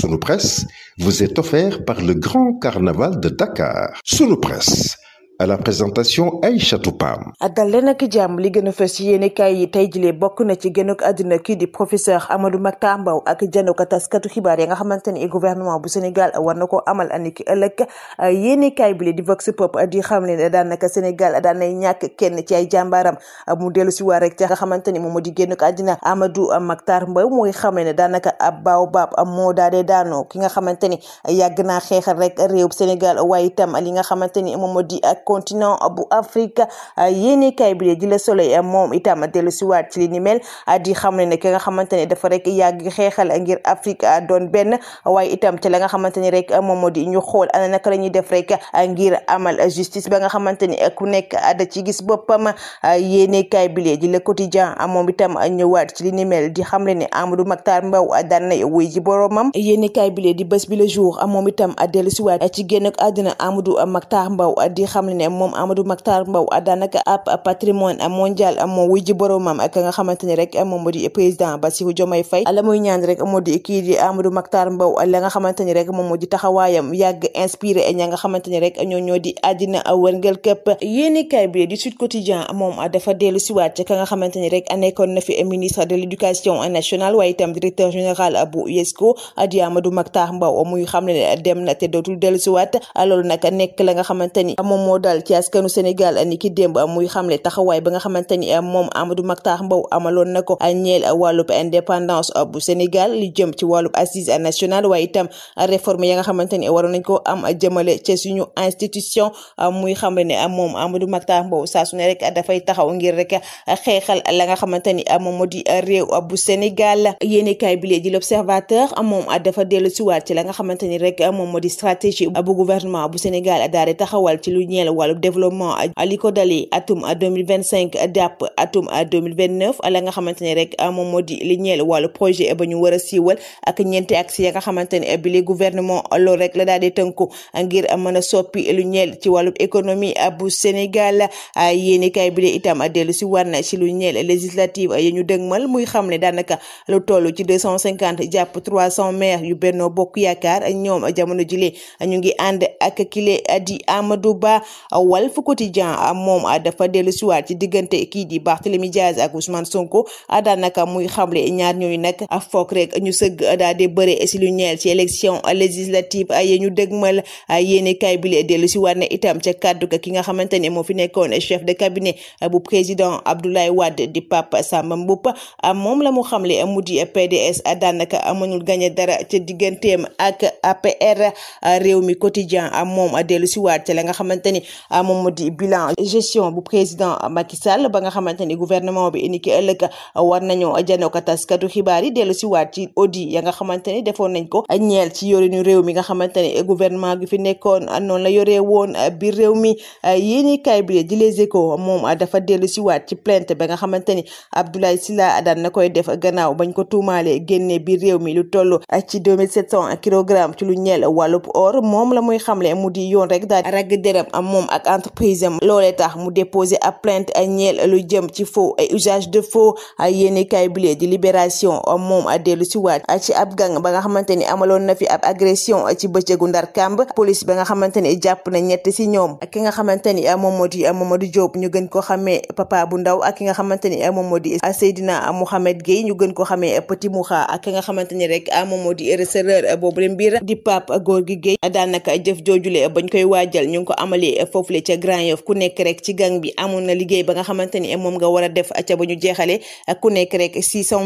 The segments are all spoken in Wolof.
Sunu Presse vous est offert par le Grand Carnaval de Dakar. Sunu Presse a la présentation Aïcha Toupam. dal leen ak jàmm li gën a fës ci yéenekaay yi tey jilee bokk na ci génn ak àddina kii di professeur Amadou Mactar Mbow ak jano ko taskatu xibaar yi nga xamante ni gouvernement bu Sénégal war na ko amal aniki ëllëg yéenekaay le di Vox Pop di xam ne daanaka Sénégal daan nay ñàkk kenn ci ay jàmbaaram mu dellu si waa rek ci xamante ni moom moo di génn ak àddina Amadou Mactar Mbow mooy xam ne daanaka ab baobab moo daadee daanoo ki nga xamante ni yagg naa xeexal rek réewum Sénégal waaye itam li nga xamante ni moo di ak continent bu Afrique ah, yéenekaay bi di Le Soleil ah, moom itam dellu siwaat ci li ni ah, di xam ne ki nga xamante ne dafa rek yàgg xeexal ngir Afrique doon benn waaye itam ci la nga xamante ni rek moom moo di ñu xool ana naka la ñuy def rek ngir amal justice ba nga xamante ni ku nekk da ci gis boppam yéenekaay bi di Le Quotidien moom itam ñëwaat ci li ni mel di xam ne Amadou Mactar mbaw daan na wuy ji boromam yéenekaay bi di Bës Bi Le Jour moom itam dellu siwaat ci génn fàttali ne moom Amadou Mactar a daanaka a patrimoine mondial moo wuy ji boromam ak nga xamante ni rek moom moo di président Bassirou Diomaye Faye la muy ñaan moom moo taxawaayam yàgg inspiré ña nga xamante rek ñoo nekkoon na fi ministre de l'éducation nationale waaye itam directeur général bu UNESCO di Amadou Mactar Mbow muy xam ne dem na te dootul dellu siwaat loolu nag nekk la nga xamante moom moo dal ci askanu Sénégal ni ki démb muy xamle taxawaay ba nga xamante ni moom Amadou Mactar Mbow amaloon na ko ñeel wàllub indépendance bu Sénégal li jëm ci wàllub assise ya nga xamante ni waroon nañ ko am jëmale ci suñu institution muy xamle ne moom Amadou Mactar Mbow saa ne rek dafay taxaw ngir rek xeexal la nga xamante ni moom moo di réew bu Sénégal yéenekaay bi di l'Observateur a dafa dellu siwaat ci la nga xamante ni rek moom moo stratégie bu gouvernement bu Sénégal daal di taxawal ci lu ñeel wàllu développement li ko dalee atum 2025 jàpp atum 2029 la nga xamante ne rek moom moo di li ñeel wàllu projet ba ñu war a siiwal ak ñeenti axe ya nga xamante ne bi li gouvernement loolu rek la daal di tënku ngir mën a soppi lu ñeel ci wàllu économie bu Sénégal yéeni kay bi lee itam dellu si war na ci lu ñeel législative yi ñu mal muy xam ne daanaka lu toll ci 250 jàpp 300 maire yu Benno Bokk Yaakaar ñoom jamono jile ñu Walf Quotidien ah, moom ah, dafa dellu siwaat ci diggante kii di Barthélemy Diaz ak Ousmane Sonko ah, daanaka muy xamle ñaar ñooñu nag foog rek ñu sëgg daal di bëre si lu ñeel ci élection législative yi ñu dëgmal yéeni kay bile dellu siwaat na itam ca kàddu ki nga xamante ne moo fi nekkoon chef de cabinet bu président Abdoulaye Wade di Pape Samba am moom la mu xamle mu di PDS daanaka mënul gagné dara ca digganteem ak APR réew mi quotidien moom dellu siwaat la nga xamante Euh, moom moo di bilan gestion bu président Macky Sall ba nga xamante ni gouvernement bi ni ki ëllëg euh, war a janoo ko taskatu xibaar yi dellu si waat ci audit ya nga xamante ni defoon nañ ko ñeel ci yorinu réew mi nga xamante ni gouvernement gi fi nekkoon euh, noonu la yoree woon biir réew mi yéeni kay bi di les échos moom dafa dellu si waat ci plainte ba nga xamante ni Abdoulaye Sylla daan na koy def gannaaw bañ ko tuumaale génne biir réew mi lu toll ci 2700 kilogrammes ci lu ñeel wàllub or moom la muy xamle moom ak entreprise am loolee tax mu déposé ab plainte ay ñeel lu jëm ci faux ay usage de faux ay yéeni kaay bile di libération moom dellu si waat ci ab gang ba nga xamante ni amaloon na fi ab agression ci bëccëgu ndar kàmb police ba nga xamante ni jàpp na ñett si ñoom ki nga xamante ni moom moo di Mamadou Diop ñu gën ko xamee papa bu ndaw ak ki nga xamante ni moom moo di Seydina Mohamed Gueye ñu gën ko xamee Petit Mouha ak ki nga xamante ni rek moom moo di receveur boobu le mbir di Pape Gorgui Gueye daanaka jëf joojule bañ koy ko amalee foofule ca Grand Yoff ku nekk rek ci gang bi amoon na liggéey ba nga xamante ni moom nga a def ca ba ñu jeexale ku nekk rek six ba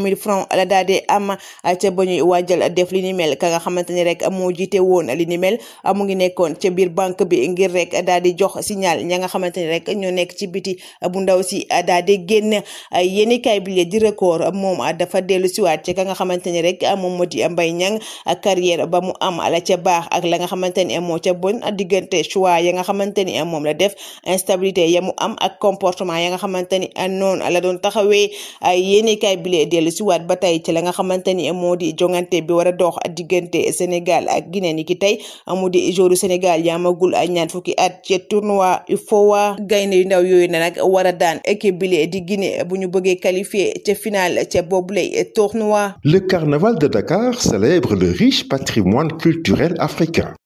ka nga xamante ni rek moo jiite woon li ni mel mu ngi nekkoon ca biir banque bi ngir rek daal di jox signal ña nga xamante ni rek ñoo nekk ci biti bu ndaw si daal di génn yéeni kaay bi di record moom dafa dellu siwaat ci ka nga xamante ni rek moom moo di Mbaye Niang carrière ba mu am la ca baax ak la nga xamante ni moo ca bon diggante choix ya nga xamante ni eh, moom la def instabilité ya mu am ak comportement ya nga xamante ni eh, noonu la doon taxawee eh, ay bi lee dellu si waat ba tey ci la nga xamante ni moo di jongante bi war a dox diggante Sénégal ak Guinée ni ki tey mu di joru Sénégal yaamagul ñaar fukki at ci tournoi UFOA gaynde yu ndaw yooyu ne nag war a daan équipe bi di Guinée bu ñu bëggee qualifié ca final ca boobule tournoi. Le carnaval de Dakar célèbre le riche patrimoine culturel africain.